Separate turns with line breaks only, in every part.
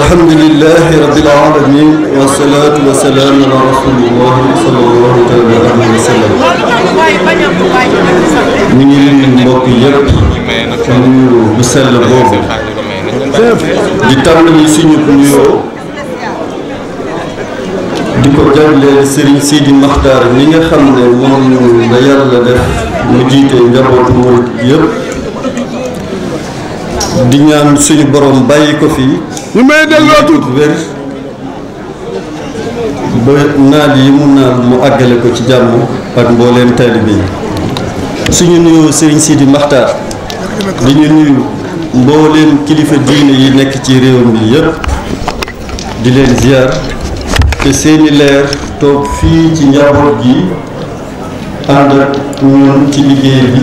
الحمد لله رب العالمين والصلاة والسلام على رسول الله صلى الله عليه وسلم. نير المقيم كنير مسلم بوب. جتامل يسنيك نيو. ديكو جابل سيرين سيدي مختار نيغا خامل مون نيار لدف مجيتي جابو تمورد يب di ñaan suñu borom bàyyi ko fii. ñu may delloo tuuti wér. ba yi mu na mu àggale ko ci jàmm ak mbooleem taalibe suñu nuyu sëriñ Sidi Maxtaar di ñu nuyu mbooleem kilifa diine yi nekk ci réew mi yépp di leen ziar te seeni leer toog fii ci njaboot gi ànd ak ñun ci liggéey bi.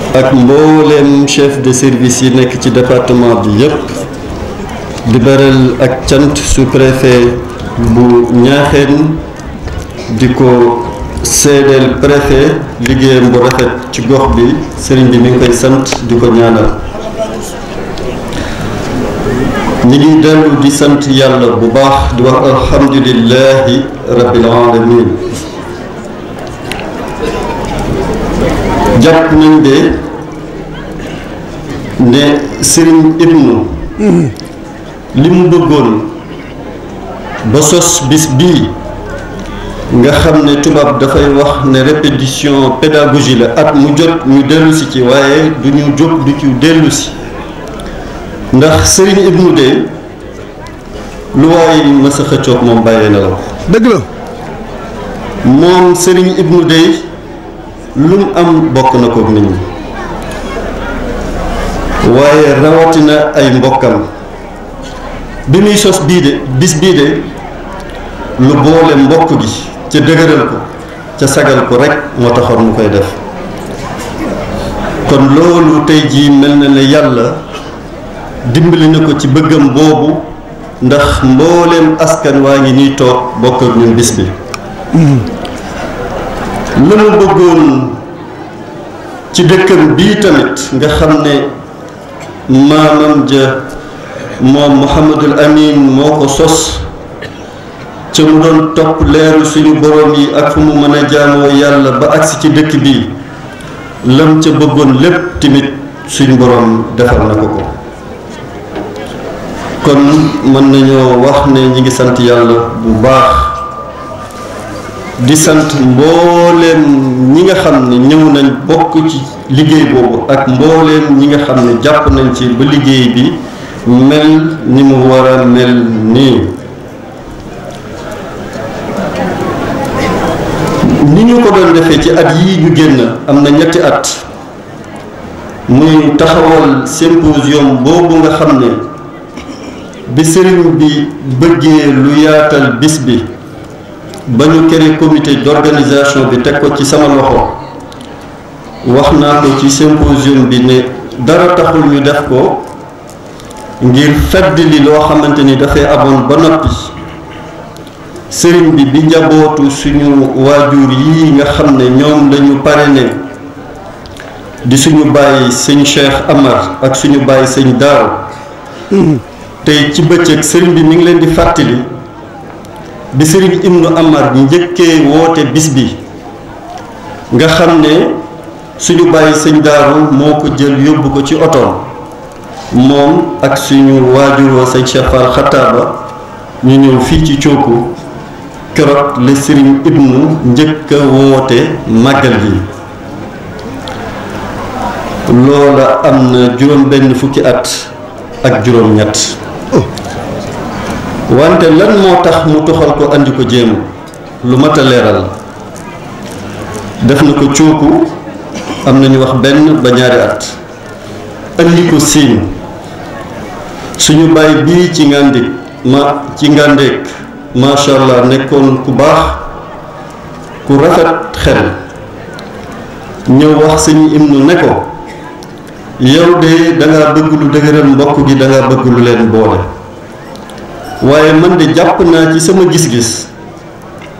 ak mbooleem chef de service yi nekk ci département bi yépp di beral ak cant sous-préfet bu Ñaaxeen di ko seedeel préfet liggéeyam bu rafet ci gox bi sëriñ bi mi ngi koy sant di ko ñaanal ñi ngi dellu di sant yàlla bu baax di wax alhamdulillahi rabbil alamin jàpp nañ de ne Serigne Ibnu li mu bëggoon ba sos bis bii nga xam ne tubaab dafay wax ne répétition pédagogie la at mu jot ñu dellusi ci waaye du ñu jóg du ci dellusi ndax Serigne Ibnu de lu waaye mës a xëccoog moom bàyyee na la ko dëgg la moom Serigne Ibnu de lu mu am bokk na kook nit ñi waaye rawatina ay mbokkam bi muy sos bii de bis bii de lu boole mbokk gi ca dëgëral ko ca sagal ko rekk moo taxoon mu koy def kon loolu tey jii mel na ne yàlla dimbali na ko ci bëggam boobu ndax mbooleem askan waa ngi nii toog bokk ak bis bi la bëggoon ci dëkkam bii tamit nga xam ne maamam ja moom Mouhamadul Amin moo ko sos ca mu doon topp leeru suñu borom yi ak fu mu mën a jaamoo yàlla ba agsi ci dëkk bii lam ca bëggoon lépp timit suñu borom defal na ko ko kon mën nañoo wax ne ñi ngi sant yàlla bu baax di sant mbooleem ñi nga xam ne ñëw nañ bokk ci liggéey boobu ak mbooleem ñi nga xam ne jàpp nañ ci ba liggéey bi mel ni mu war a mel nii ni ñu ko doon defee ci at yii ñu génn am na ñetti at muy taxawal symposium boobu nga xam ne bi sëriñ bi bëggee lu yaatal bis bi ba ñu créé comité d'organisation bi teg ko ci sama loxo wax naa ko ci symposium bi ne dara taxul ñu def ko ngir fedd li loo xamante ni dafay amoon ba noppi sëriñ bi bi njabootu suñu waajur yi nga xam ne ñoom lañu parrainé di suñu bàyyi sëñ Cheikh Amar ak suñu bàyyi sëñ Daaru hmm. tey ci bëccëg sëriñ bi mi ngi leen di fàttali bi sëriñ ibnu amar njëkkee woote bis bi nga xam ne suñu bàyyi sëñ daaru moo ko jël yóbbu ko ci otoom moom ak suñu waajuroo sëñ Cheikh Fall Xataaba ñu ñëw fii ci cooku keroog la sëriñ ibnu njëkk woote màggal yi loola am na juróom benn fukki at ak juróom ñett oh. wante lan mo tax mu tokhal ko andi ko jéem lu mata leral def nako ko am nañu wax ben ba ñaari at andi ko suñu bi ci ngandik ma ci ma sha allah nekkon ku bax ku rafet xel ñew wax imnu neko yow de da nga bëgg lu degeeral mbokk gi da nga bëgg lu leen boole waaye man de jàpp naa ci sama gis-gis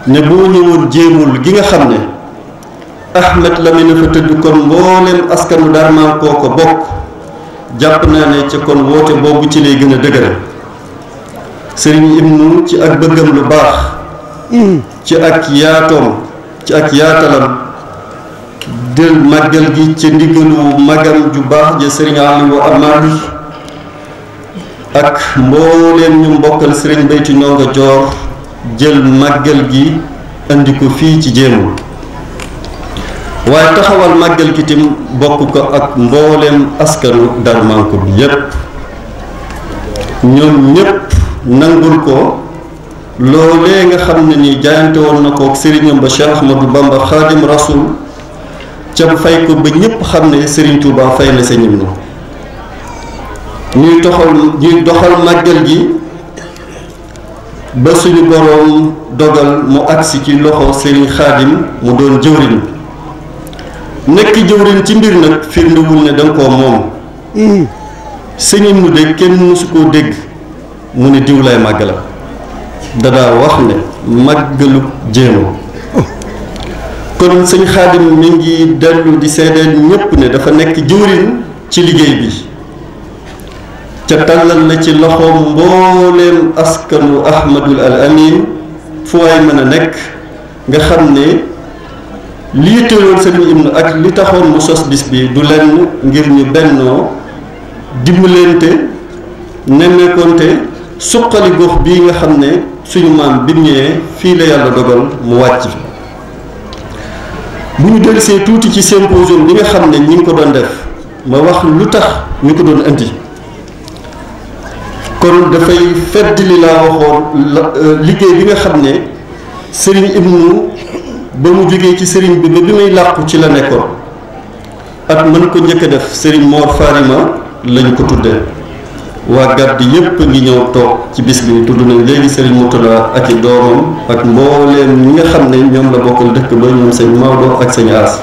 ne boo ñëwoon jéemul gi nga xam ne Ahmed Lamine fa tëdd kon mbooleem askanu daar koo ko bokk jàpp naa ne ca kon woote boobu ci lay gën a dëgëral sëriñ Ibnu ci ak bëggam lu baax ci ak yaatoom ci ak yaatalam del màggal gi ca ndigalu magam ju baax ja sëriñ Aliou Amar ak mbooleem ñu mbokkal sëriñ Béthio Ndongo Dior jël màggal gi indi ko fii ci jéemul waaye taxawal màggal gi tim bokk ko ak mbooleem askanu Darou Manko bi yépp ñoom ñépp nangul ko loolee nga xam ni jaayante woon na ko sëriñam ba Cheikh Ahmadou Bamba Xaadim Rasul ca fay ko ba ñépp xam ne sëriñ Touba fay na sa ñim ñuy doxal ñuy doxal màggal gi ba suñu boroom dogal mu agsi ci loxo Serigne Khadim mu doon jëwriñ nekk jëwriñ ci mbir nag firndewul ne danga koo moom hmm. sëñin mu de kenn mësu koo dégg mu ne diw lay màggal dadaa wax ne màggalu jéema kon sëñ Khadim mi ngi dellu di seedeel ñépp ne dafa nekk jëwriñ ci liggéey bi te tàllal na ci loxoom mbooleem askanu ahmadul al amin fu waay mën a nekk nga xam ne lii teewoon sëriñ Ibnu ak li taxoon mu sos bis bi du lenn ngir ñu bennoo dimbalante nemmeekonte suqali gox bii nga xam ne suñu maam bi ñëwee fii la yàlla dogal mu wàcc bu ñu dellusee tuuti ci symposium bi nga xam ne ñi ngi ko doon def ma wax lu tax ñu ko doon indi kon dafay fedd li laa waxoon euh, liggéey bi nga xam ne sëriñ Ibnu ba mu jógee ci sëriñ bi ba bi muy làqu ci la nekkoon at mën ko njëkk a def sëriñ Mor ma lañ ko tudde waa gàdd yépp ngi ñëw toog ci bis bi tudd nañ léegi sëriñ Murtada ak i doomam ak mbooleem ñi nga xam ne ñoom la bokkal dëkk ba ñoom sëñ Maodo ak sëñ As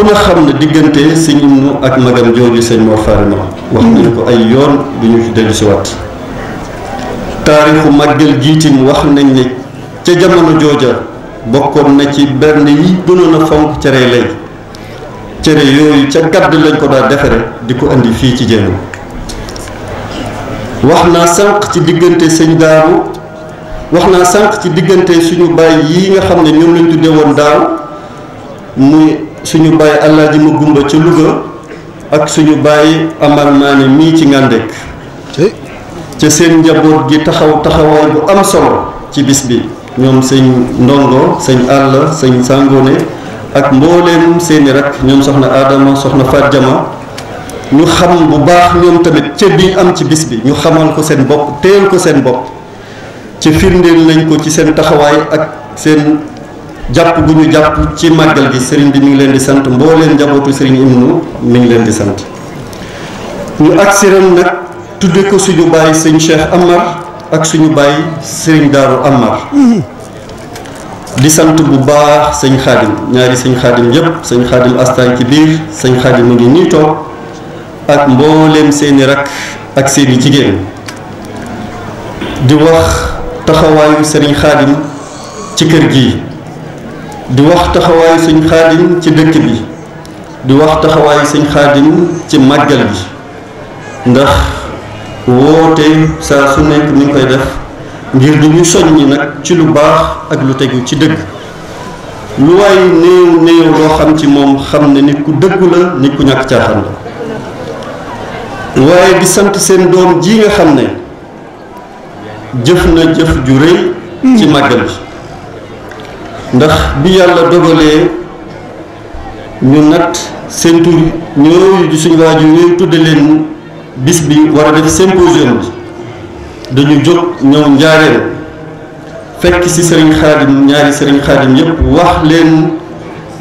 ku ne xam na diggante sëñ Ibnu ak magam jooju sëñ Mor Faari wax nañu ko ay yoon bu ñu dellu si waat taarixu màggal jiitim wax nañ ni ca jamono jooja bokkoon na ci benn yi gënoon a fonk cere lay cere yooyu ca gàdd lañ ko daa defaree di ko indi fii ci jéem wax naa sànq ci diggante sëñ daaru wax naa sanq ci diggante suñu bàyyi yi nga xam ne ñoom lañ tuddee woon daaw muy suñu baay Alaaji ma gumba ca Louga ak suñu baay Amar Maane mii ci Ngàndek ca seen njaboot gi taxaw taxawaay bu am solo ci bis bi ñoom sëñ ndongo sëñ àll sëñ sàngoone ak mbooleem seeni rak ñoom soxna Adama soxna Faat Jama ñu xam bu baax ñoom tamit cër bi am ci bis bi ñu xamal ko seen bopp teel ko seen bopp ci firndeel lañ ko ci seen taxawaay ak seen japp guñu japp ci magal gi serigne bi mi ngi len di mbo len jabotu serigne imnu mi ngi len di sante ñu aksiran nak tuddé ko suñu baye serigne cheikh amar ak suñu baye serigne daru amar di sante bu baax serigne khadim ñaari serigne khadim yépp serigne khadim astan ci bir serigne khadim mu ngi ni to ak mboolem seeni rak ak seeni jigen di wax taxawayu serigne khadim ci kër gi di wax taxawaayu sëñ xaadim ci dëkk bi di wax taxawaayu sëñ xaadim ci màggal bi ndax woote saa su nekk mi ngi koy def ngir du ñu soññi nag ci lu baax ak lu tegu ci dëgg lu waay néew néew loo xam ci moom xam ne ni ku dëggu la nit ku ñàkk caaxaan la waaye di sant seen doom ji nga xam ne jëf na jëf ju rëy ci màggal bi ndax bi yàlla dogalee ñu nat seen tur ñooyu di suñu waajur yooyu tudde leen bis bi war a def symposium bi dañu jóg ñoom njaareel fekk ci sëriñ xaadim ñaari sëriñ xaadim yépp wax leen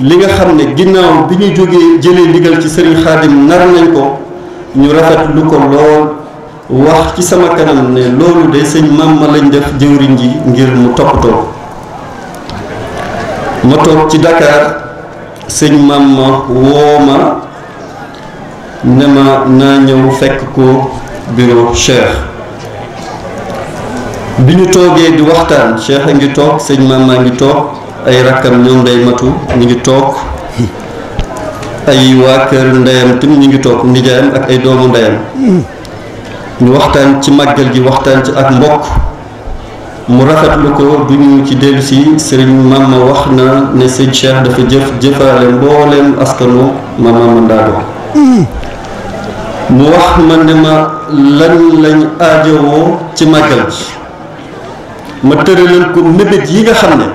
li nga xam ne ginnaaw bi ñu jógee jëlee digal ci sëriñ xaadim nar nañ ko ñu rafet lu ko lool wax ci sama kanam ne loolu de sëñ maam ma lañ def jëwriñ ji ngir mu toppatoo ma toog ci Dakar sëñ maam ma woo ma ne ma naa ñëw fekk ko bureau Cheikh bi ñu toogee di waxtaan Cheikh a ngi toog sëñ maam maa ngi toog ay rakkam ñoom day matu ñu ngi toog ay waa kër ndeyam tim ñu ngi toog nijaayam ak ay doomu ndeyam ñu waxtaan ci màggal gi waxtaan ci ak mbokk mu rafetlu ko bu ñu ci dellu si sëriñ Mama wax na ne sëñ Cheikh dafa jëf jëfaale mbooleem askanu Mama Mandaago mu wax ma ne ma lan lañ aajowoo ci màggal bi ma tëralal ko mébét yi nga xam ne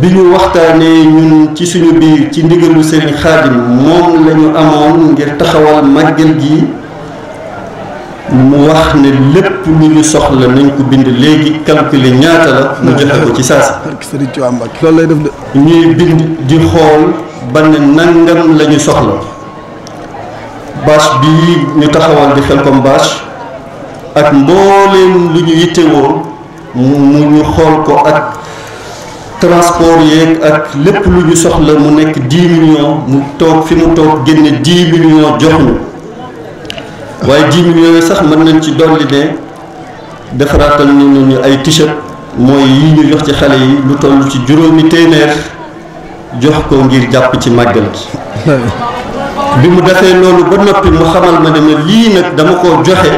bi ñu waxtaanee ñun ci suñu biir ci ndigalu sëriñ Xaadim moom lañu amoon ngir taxawal màggal gi mu wax ne lépp lépp lu ñu soxla nañ ko bind léegi calculer ñaata la mu joxe ko ci saasi loolu bind di xool ban nangam la ñu soxla bâche bii ñu taxawal di xel comme bâche ak mbooleem lu ñu yittewoo mu ñu xool ko ak transport yeeg ak lépp lu ñu soxla mu nekk 10 millions mu toog fi mu toog génne 10 millions jox ñu waaye 10 millions sax mën nañ ci dolli ne defaraatal nañu ñu ay t mooy yi ñu jox ci xale yi lu toll ci juróomi téeméer jox ko ngir jàpp ci màggal bi mu defee loolu ba noppi mu xamal ma ne ma lii nag dama ko joxe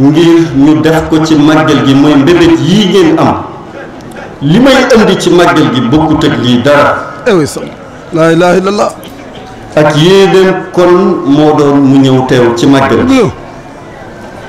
ngir ñu def ko ci màggal gi mooy mbébét yii ngeen am li may indi ci màggal gi bokkut ak lii dara eh laa ilaaha illallaah ak kon moo doon mu ñëw teew ci màggal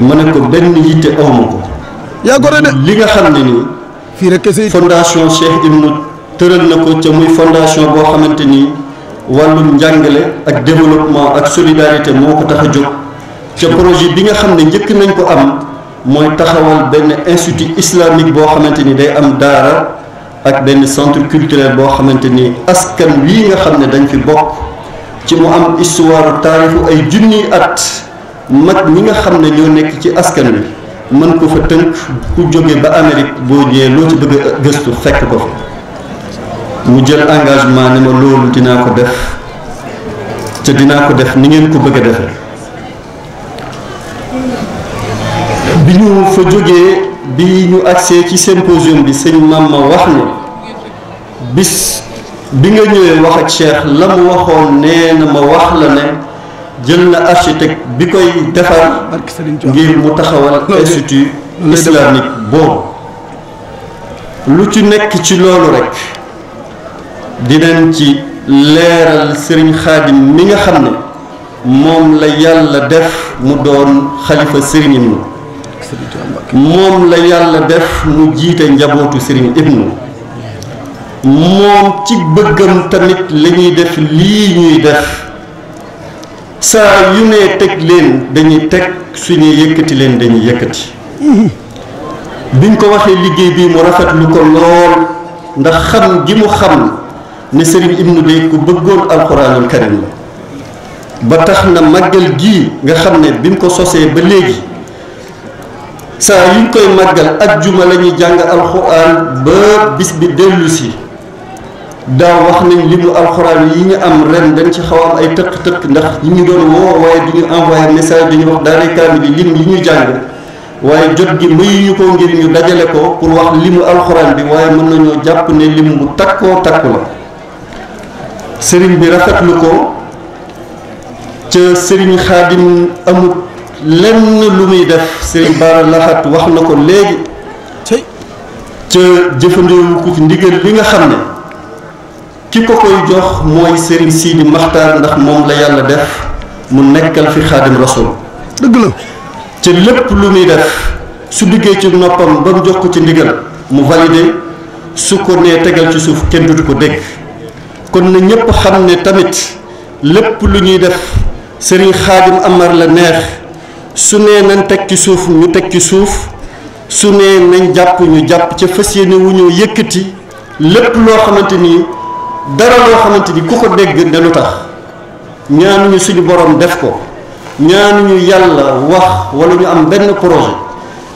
mën na ko benn yitte ooma ko. yaa gore de li nga xam ne nii. fii rek kese fondation Cheikh Ibn tëral na ko ca muy fondation boo xamante ni wàllum njàngale ak développement ak solidarité moo ko tax a jóg. ca projet bi nga xam ne njëkk nañ ko am mooy taxawal benn institut islamique boo xamante ni day am daara ak benn centre culturel boo xamante ni askan wii nga xam ne dañ fi bokk ci mu am histoire taarixu ay junniy at. mag ñi nga xam ne ñoo nekk ci askan wi mën ko fa tënk ku jóge ba Amérique boo ñëwee loo ci bëgg gëstu fekk ko fa mu jël engagement ne ma loolu dinaa ko def te dinaa ko def ni ngeen ko bëgg a defe bi ñu fa jógee bi ñu agsee ci seen symposium bi sëñ maam ma wax ne bis bi nga ñëwee wax ak Cheikh la mu waxoon nee na ma wax la ne jël na architecte bi koy defar ngir mu taxawal institut islamique boobu lu ci nekk ci loolu rekk dinañ ci leeral sëriñ xaadim mi nga xam ne moom la yàlla def mu doon xalifa sëriñ ibnu moom la yàlla def mu jiite njabootu sëriñ ibnu moom ci bëggam tamit la def lii ñuy def saa yu ne teg leen dañuy teg suñuy yëkkati leen dañuy yëkkati biñ ko waxee liggéey bi mu rafet rafetlu ko lool ndax xam gi mu xam ne Serigne Ibnu Dey ku bëggoon alxuraanul karim la ba tax na màggal gii nga xam ne bi mu ko sosee ba léegi saa yuñ koy màggal ak juma lañuy jàng alxuraan ba bis bi dellu si daaw wax nañ li mu alxuraan yi ñu am ren dañ ci xaw am ay tëq-tëq ndax ñi ñu doon woo waaye di ñu envoyé message dañu wax daanay kaamil bi lim yi ñu jàng waaye jot gi mayuñu ko ngir ñu dajale ko pour wax limu alxuraan bi waaye mën nañoo jàpp ne lim bu takkoo takku la sëriñ bi rafetlu ko ca sëriñ xaadim amut lenn lu muy def sëriñ Bara Laxat wax na ko léegi ca jëfandewu ko ci ndigal li nga xam ne ki ko koy jox mooy Serigne Sidi Maxtaar ndax moom la yàlla def mu nekkal fi xaadim rasul dëgg la ci lépp lu ñuy def su diggee ci noppam ba mu jox ko ci ndigal mu validé su ko nee tegal ci suuf kenn dutu ko dégg kon na ñépp xam ne tamit lépp lu ñuy def sëriñ xaadim amar la neex su nee nañ teg ci suuf ñu teg ci suuf su nee nañ jàpp ñu jàpp ca fas yéene wu ñu yëkkati lépp loo xamante nii dara loo xamante ni ku ko dégg ne lu tax ñu suñu borom def ko ñaanuñu yàlla wax wala ñu am benn projet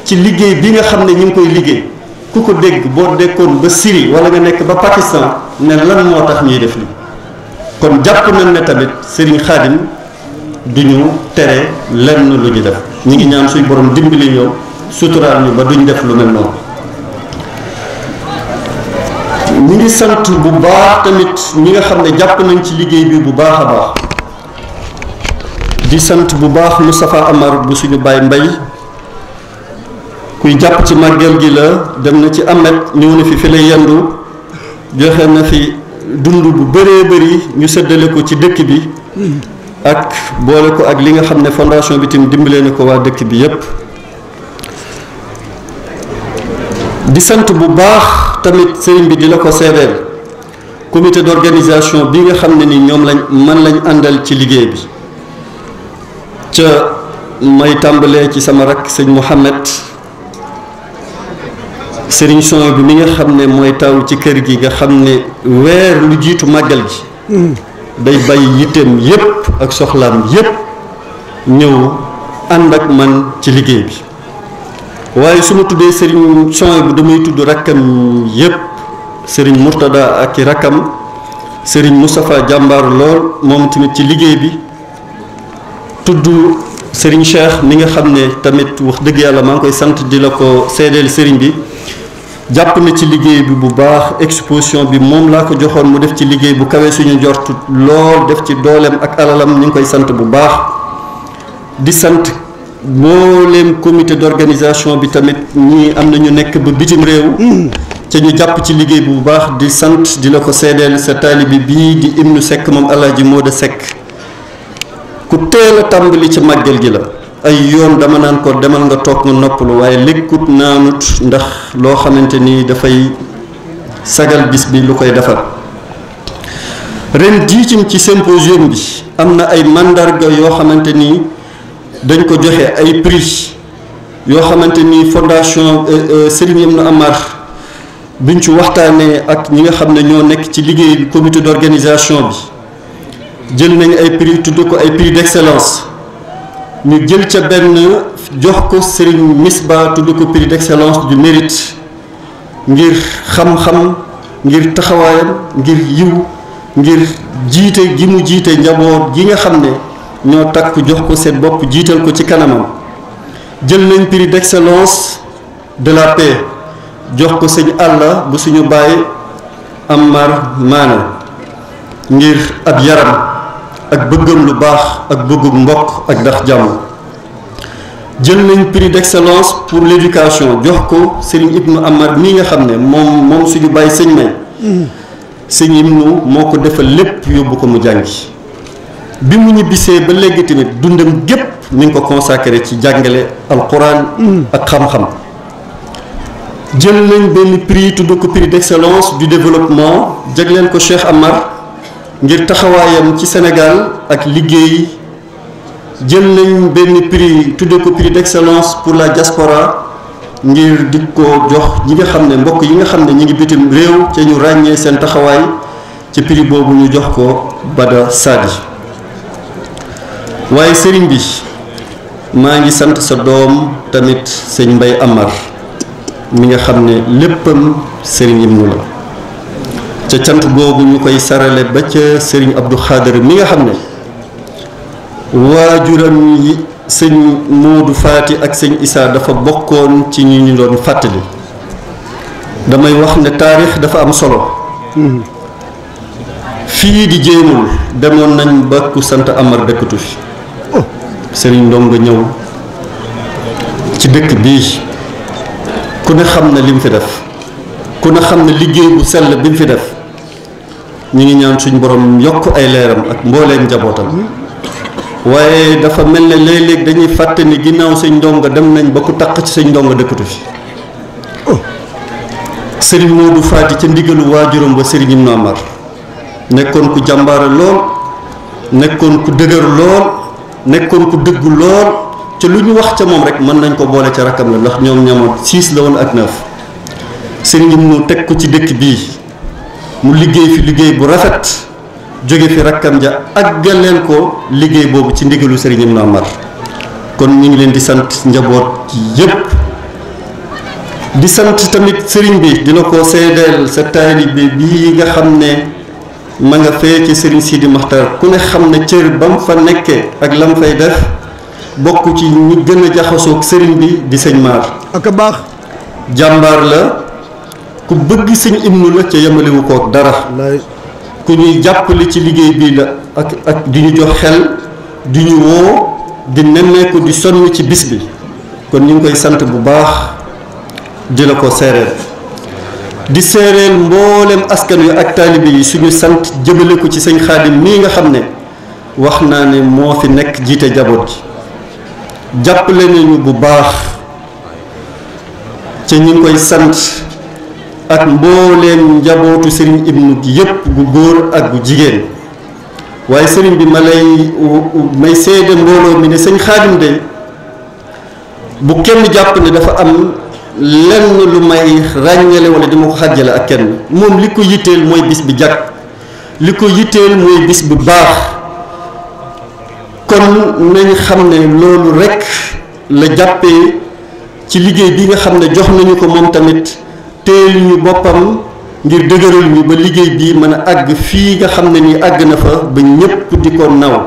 ci liggéey bi nga xam ne ñu ngi koy liggéey ku ko dégg boo dekkoon ba siri wala nga nekk ba Pakistan ne lan moo tax ñuy def li kon jàpp nañ ne tamit Serigne Khadim du ñu tere lenn lu ñu def ñu ngi ñaan suñu borom dimbali ñëw suturaal ñu ba duñ def lu mel noonu. ñi ngi sant bu baax tamit ñi nga xam ne jàpp nañ ci liggéey bi bu baax a ba di sant bu baax Moustapha Amar bu suñu baay mbay kuy jàpp ci màggal gi la dem na ci amet ñëw na fi fi lay yendu joxe na fi dund bu bëree bëri ñu seddale ko ci dëkk bi ak boole ko ak li nga xam ne fondation bi tamit dimbalee na ko waa dëkk bi yépp di sant bu baax tamit sëriñ bi di ko sédel comité d'organisation bi nga xamné ne ni ñom lañ man lañ andal ci liggéey bi ci may tambalé ci sama rak sëriñ mohammed sëriñ son bi mi nga xamné ne taw ci kër gi nga xamné ne lu jitu magal gi hmm. day bay yitteem yépp ak soxlam yépp ñëw man ci liggéey bi waye su tuddé tuddee sëriñ son bu damay tudd rakam yépp sëriñ murtada ak rakam rakkam sëriñ moustapha jàmbaar lool moom tamit ci liggéey bi tudd sëriñ cheikh mi nga xamné tamit wax deug yalla ma ngoy sante di ko seedeel sëriñ bi japp na ci liggéey bi bu baax exposition bi mom la ko joxoon mu def ci liggéey bu kawé suñu jortu lool def ci dolem ak alalam ni ngoy sante bu baax di sante mbooleem comité d'organisation bi tamit ñii am na ñu nekk ba bitim réew. te ñu jàpp ci liggéey bu baax di sant di la ko seedeel sa taalibi bii di Ibnu sekk moom Alaaji Mooda Seck ku teel a tàmbali ci màggal gi la ay yoon dama naan ko demal nga toog nga noppalu waaye lekkut naanut ndax loo xamante ni dafay sagal bis bi lu koy defal ren jiitim ci symposium bi am na ay màndarga yoo xamante nii dañ ko joxe ay prix yoo xamante ni fondation euh, euh, Serigne nu Amar biñ ci waxtaanee ak ñi nga xam ne ñoo nekk ci liggéey comité d'organisation bi jël nañ ay prix tudd ko ay prix d'excellence ñu jël ca benn jox ko Serigne Misba tudd ko prix d'excellence du mérite ngir xam-xam ngir taxawaayam ngir yiw ngir jiite gi mu jiite njaboot gi nga xam ne. ñoo takk jox ko seen bopp jiital ko ci kanamam jël nañ prix d'excellence de la paix jox ko sëñ àll bu suñu bàyyi Amar Maane ngir ab yaram ak bëggam lu baax ak bëggug mbokk ak ndax jàmm jël nañ prix d'excellence pour l'éducation jox ko sëñ Ibnu Amar mii nga xam ne moom moom suñu bàyyi sëñ may mm. sëñ Ibnu moo ko defal lépp yóbbu ko mu jàngi bi mu ñibbisee ba légui tamit dundam gep ñu ko consacrer ci jàngale alcorane ak xam-xam jël nañ prix tuddu ko prix d'excellence du développement jagleen ko cheikh amar ngir taxawayam ci sénégal ak liggéey jël nañ benn prix tuddu ko prix d'excellence pour la diaspora ngir di ko jox ñi nga xam mbokk yi nga xam ñi ngi bitim réew ci ñu ragné sen taxaway ci prix bobu ñu jox ko bada sadi waaye sëriñ bi maa ngi sant sa doom tamit sëñ Mbay Amar mi nga xam ne léppam sëriñ mu la ca cant googu ñu koy sarale ba ca sëriñ Abdou Khader mi nga xam ne waajuram yi sëñ Moodu Faati ak sëñ Isaa dafa bokkoon ci ñi ñu doon fàttali damay wax ne taarix dafa am solo mm-hmm. fii di jéemul demoon nañ ba ku sant Amar dëkkatu fi sëriñ ndongo ñëw ci dëkk bii ku ne xam na li mu fi def ku ne xam na liggéey bu sell bi mu fi def ñu ngi ñaan suñ borom yokk ay leeram ak mbooleem njabootam waaye dafa mel ne léeg-léeg dañuy fàtte ni ginnaaw sëñ ndongo dem nañ ba ku taq ci sëñ ndongo dëkkatu fi sëriñ Modou Fati ca ndigalu waajuram ba sëriñ Ibnu Amar nekkoon ku jàmbaare lool nekkoon ku dëgër lool nekkon ku dëggu lool ci luñu wax ci mom rek man nañ ko bolé ci rakam la ndax ñom ñamo 6 la won ak 9 sëriñ mu tek ko ci dëkk bi mu liggéey fi liggéey bu rafet jóge fi rakam ja aggaleel ko liggéey bobu ci ndigelu sëriñam mu mar kon ñu ngi leen di sant njaboot yépp di sant tamit sëriñ bi dina ko sédel sa taalibe bi bi nga xamné ma nga fee ci Serigne di Maxtar ku ne xam ne cër ba mu fa nekkee ak lam fay def bokk ci ñu gën a jaxasoog sëriñ bi di sëñ maar ak baax jàmbaar la ku bëgg sëñ ibnu la ca yemalewu koog dara ku ñuy jàppale ci liggéey bii la ak ak di ñu jox xel di ñu woo di nemmeeku di sonn ci bis bi kon ñu ngi koy sant bu baax di la ko seereel di séeréel mboolem askan wi ak taalibe yi suñu sant jëmale ko ci sëñ xaadim mii nga xam ne wax naa ne moo fi nekk jiite jaboot ji jàppale nañu bu baax ci ñu koy sant ak mbooleem njabootu sëriñ ibnu yépp gu góor ak gu jigéen waaye sëriñ bi ma lay may seede mbooloo mi ne sëñ xaadim de bu kenn jàpp ne dafa am lenn lu may ràññale wala di ma ko xàjjale ak kenn moom li ko yitteel mooy bis bi jag li ko yitteel mooy bis bu baax kon nañ xam ne loolu rekk la jàppee ci liggéey bi nga xam ne jox nañu ko moom tamit teel ñu boppam ngir dëgëral ñu ba liggéey bii mën a àgg fii nga xam ne nii àgg na fa ba ñépp di ko naw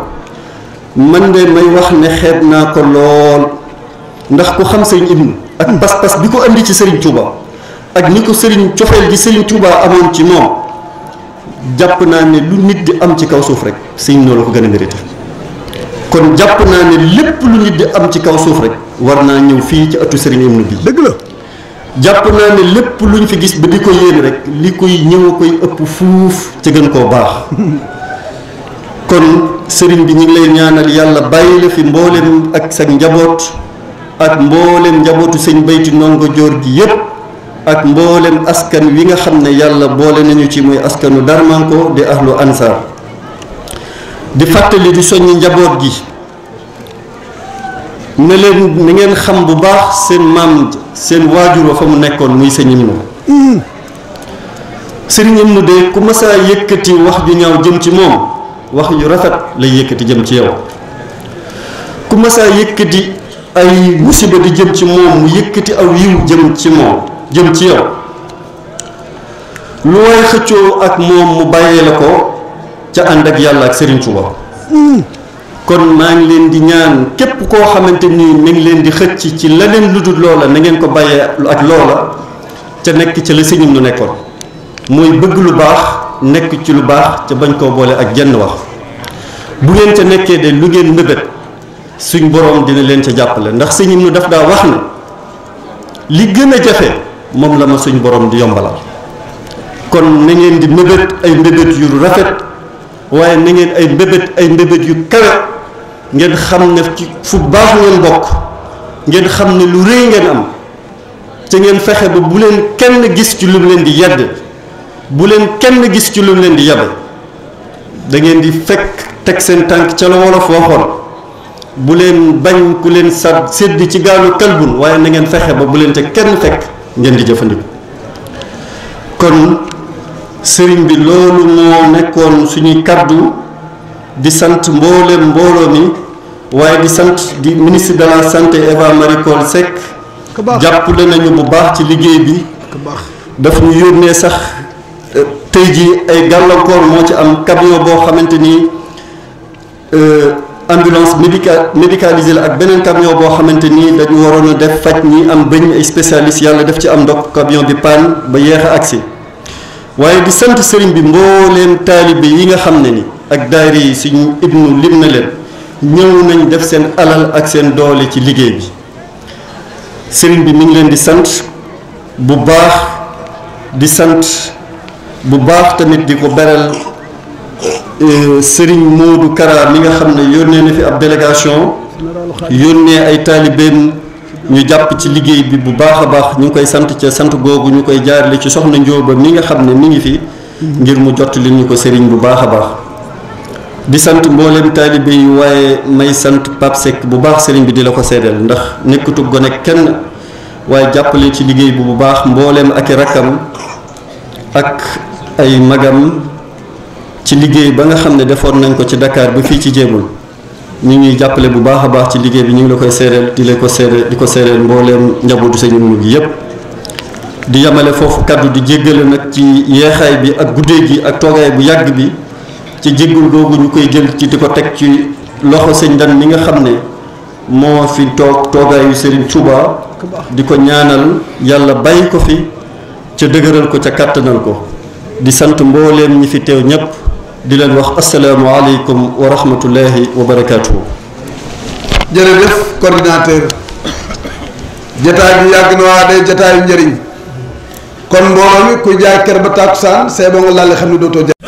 man de may wax ne xeeb naa ko lool ndax ku xam sëñ ibnu ak pas-pas bi ko andi ci Serigne Touba ak ni ko Serigne cofeel gi Serigne Touba amoon ci moom jàpp naa ne lu nit di am ci kaw suuf rek sëñ noo la ko gën a mérité kon jàpp naa ne lépp lu nit di am ci kaw suuf rek war naa ñëw fii ci atu Serigne Amnu bi dëgg la jàpp naa ne lépp luñ fi gis ba di ko yéen rek li koy ñëw koy ëpp fuuf ci gën koo baax kon sëriñ bi ñu ngi lay ñaanal yàlla bàyyi la fi mboolem ak sa njaboot ak mboolem njabootu sëñ bayti ndongo jóor gi yépp ak mbooleem askan wi nga xam ne yàlla boole nañu ci muy askanu darmanko di ahlu ansar di fàttali di soññi njaboot gi ne leen ni ngeen xam bu baax seen maam seen waajur wa fa mu nekkoon muy sëñ Imnu sëriñ Imnu de ku mësaa yëkkati wax ju ñaaw jëm ci moom wax yu rafet lay yëkkati jëm ci yow ku mësaa yëkkati ay musiba di jëm ci moom mu yëkkati aw yiw jëm ci moom jëm ci yow lu way xëccoo ak moom mu bàyyee la ko ca ànd ak yàlla ak Serigne Touba kon maa ngi leen di ñaan képp koo xamante nii mi ngi leen di xëcc ci leneen lu dul loola na ngeen ko bàyyee ak loola ca nekk ca la sëñum lu nekkoon mooy bëgg lu baax nekk ci lu baax ca bañ koo boole ak jenn wax bu ngeen ca nekkee de lu ngeen mébét suñ boroom dina leen ca jàppale ndax sëñ nu daf daa wax ne li gën a jafe moom la ma suñ boroom di yombalal kon na ngeen di mébét ay mbébét yu rafet waaye na ngeen ay mbébét ay mbébét yu kawe ngeen xam ne ci fu baax ngeen bokk ngeen xam ne lu rëy ngeen am te ngeen fexe ba bu leen kenn gis ci lu leen di yedd bu leen kenn gis ci lu leen di yabe da ngeen di fekk teg seen tànk ca la wolof waxoon bu leen bañ ku leen sa sedd ci gaalu kalbun waaye na ngeen fexe ba bu leen ca kenn fekk ngeen di jëfandiku kon sëriñ bi loolu moo nekkoon suñuy kàddu di sant mbooleem mbooloo mi waaye di sant di ministre de la santé Eva Marie Coll Seck jàppale nañu bu baax ci liggéey bi dafa ñu yónnee sax euh, tey ji ay gàllankoor moo ci am camion boo xamante ni euh, ambulance médicalisée la ak benen camion bo xamanteni dañu warona def fajj ñi am bëñ ay spécialiste yàlla def ci am dok camion bi pan ba yeex a waye di sant serigne bi mbolen taalibe yi nga xamné ni ak daayira suñu ibnu lim na ñëw nañ def sen alal ak sen doole ci liggéey bi serigne bi mi ngi len di sant bu baax di sant bu baax tamit diko beral Euh, Serigne Modou Kara mi nga xam ne yónnee na fi ab délégation yónnee ay taalibeem ñu jàpp ci liggéey bi bu baax a baax ñu ngi koy sant ca sant googu ñu koy jaarale ci soxna Njóoba mi nga xam ne mi ngi fi ngir mu jot li ñu ko sëriñ bu baax a baax di sant mboolem taalibe yi waaye may sant Pape bu baax sëriñ bi di la ko seedeel ndax nekkatu gone kenn waaye jàppale ci liggéey bi bu baax mbooleem ak i rakkam ak ay magam. ci liggéey ba nga xam ne defoon nañ ko ci Dakar ba fii ci jéemul ñu ñuy jàppale bu baax a baax ci liggéey bi ñu ngi la koy séeréel di la ko séeréel di ko séeréel mbooleem njabootu Sëriñ Muudu gi yépp di yemale foofu kàddu di jéggale nag ci yeexaay bi ak guddee gi ak toogaay bu yàgg bi ci jéggul googu ñu koy jël ci di ko teg ci loxo sëñ dan mi nga xam ne moo fi toog toogaayu Serigne Touba di ko ñaanal yàlla bàyyi ko fi ca dëgëral ko ca kàttanal ko di sant mbooleem ñi fi teew ñépp di leen wax asalaamualeykum wa rahmatullahi wa barakaatu. jërëjëf coordinateur jataay bi yàgg na waa day jataayu njëriñ kon mbooloo mi ku jaay kër ba tàkkusaan see boo nga laal xam ne dootoo